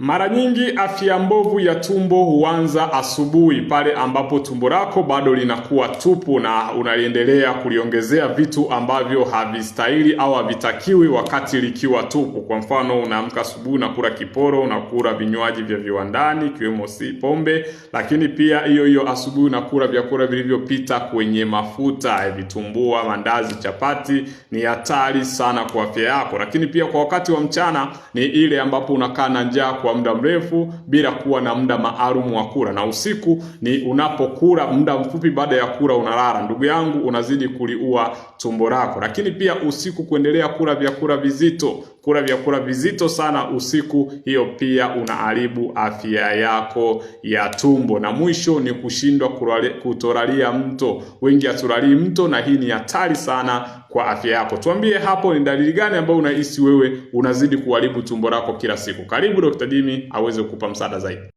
Mara nyingi afya mbovu ya tumbo huanza asubuhi, pale ambapo tumbo lako bado linakuwa tupu na unaliendelea kuliongezea vitu ambavyo havistahili au havitakiwi wakati likiwa tupu. Kwa mfano, unaamka asubuhi, unakula kiporo, unakula vinywaji vya viwandani ikiwemo si pombe, lakini pia hiyo hiyo asubuhi unakula vyakula vilivyopita kwenye mafuta, eh, vitumbua, mandazi, chapati. Ni hatari sana kwa afya yako. Lakini pia kwa wakati wa mchana ni ile ambapo unakaa na njaa kwa muda mrefu bila kuwa na muda maalum wa kula, na usiku ni unapokula, muda mfupi baada ya kula unalala. Ndugu yangu, unazidi kuliua tumbo lako. Lakini pia usiku kuendelea kula vyakula vizito, kula vyakula vizito sana usiku, hiyo pia unaharibu afya yako ya tumbo. Na mwisho ni kushindwa kutoralia mto. Wengi hatulalii mto, na hii ni hatari sana kwa afya yako. Tuambie hapo ni dalili gani ambayo unahisi wewe unazidi kuharibu tumbo lako kila siku. Karibu Dr. D ili aweze kukupa msaada zaidi.